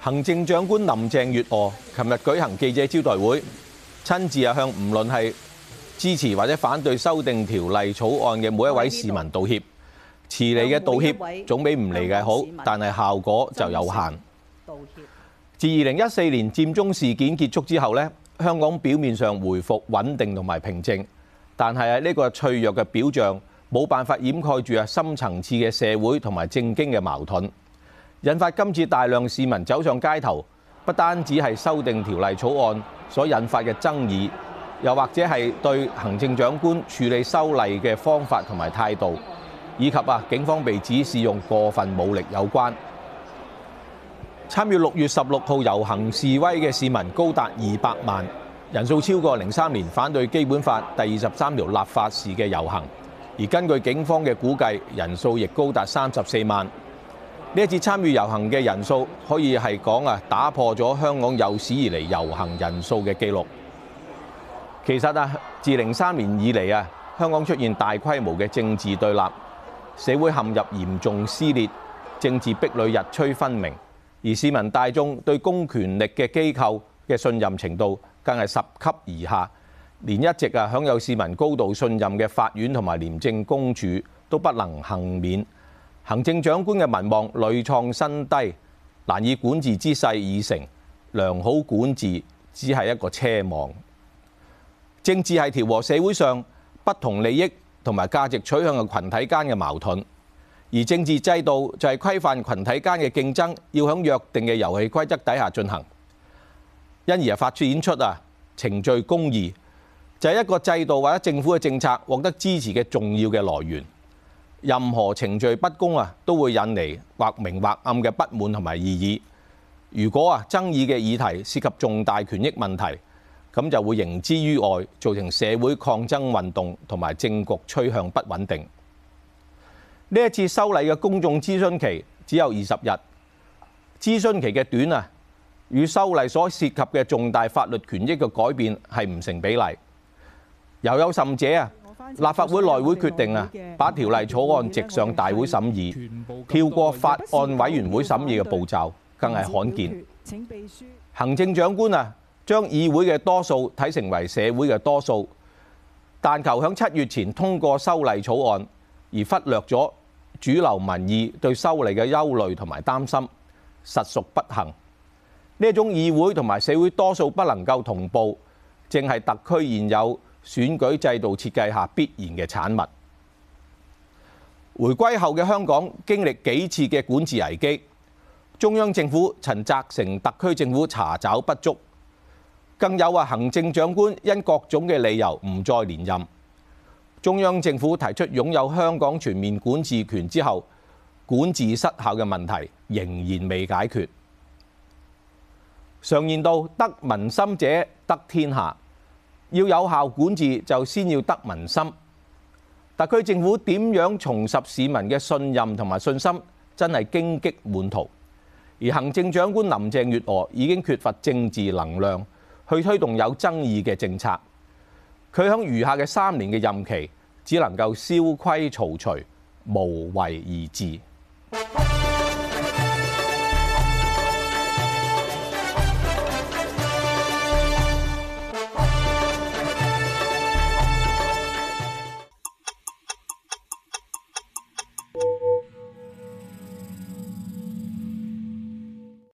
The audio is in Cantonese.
行政長官林鄭月娥琴日舉行記者招待會，親自啊向無論係支持或者反對修訂條例草案嘅每一位市民道歉。遲嚟嘅道歉總比唔嚟嘅好，但係效果就有限。自2014年佔中事件結束之後呢，香港表面上回復穩定同埋平靜，但係喺呢個脆弱嘅表象，冇辦法掩蓋住啊深層次嘅社會同埋政經嘅矛盾。引發今次大量市民走上街頭，不單止係修訂條例草案所引發嘅爭議，又或者係對行政長官處理修例嘅方法同埋態度，以及啊警方被指使用過分武力有關。參與六月十六號遊行示威嘅市民高達二百萬，人數超過零三年反對基本法第二十三條立法時嘅遊行，而根據警方嘅估計，人數亦高達三十四萬。呢一次參與遊行嘅人數可以係講啊，打破咗香港有史以嚟遊行人數嘅紀錄。其實啊，自零三年以嚟啊，香港出現大規模嘅政治對立，社會陷入嚴重撕裂，政治壁壘日趨分明，而市民大眾對公權力嘅機構嘅信任程度更係拾級而下，連一直啊享有市民高度信任嘅法院同埋廉政公署都不能幸免。行政長官嘅民望累創新低，難以管治之勢已成，良好管治只係一個奢望。政治係調和社會上不同利益同埋價值取向嘅群體間嘅矛盾，而政治制度就係規範群體間嘅競爭，要喺約定嘅遊戲規則底下進行，因而發展出啊。程序公義就係一個制度或者政府嘅政策獲得支持嘅重要嘅來源。任何程序不公啊，都會引嚟或明或暗嘅不滿同埋異議。如果啊爭議嘅議題涉及重大權益問題，咁就會形之於外，造成社會抗爭運動同埋政局趨向不穩定。呢一次修例嘅公眾諮詢期只有二十日，諮詢期嘅短啊，與修例所涉及嘅重大法律權益嘅改變係唔成比例。又有甚者啊！立法會內會決定啊，把條例草案直上大會審議，跳過法案委員會審議嘅步驟，更係罕見。行政長官啊，將議會嘅多數睇成為社會嘅多數，但求喺七月前通過修例草案，而忽略咗主流民意對修例嘅憂慮同埋擔心，實屬不幸。呢種議會同埋社會多數不能夠同步，正係特區現有選舉制度設計下必然嘅產物。回歸後嘅香港經歷幾次嘅管治危機，中央政府曾責成特區政府查找不足，更有話行政長官因各種嘅理由唔再連任。中央政府提出擁有香港全面管治權之後，管治失效嘅問題仍然未解決。常言道：得民心者得天下。要有效管治，就先要得民心。特區政府點樣重拾市民嘅信任同埋信心，真係荊棘滿途。而行政長官林鄭月娥已經缺乏政治能量去推動有爭議嘅政策，佢喺餘下嘅三年嘅任期，只能夠蕭規曹隨，無為而治。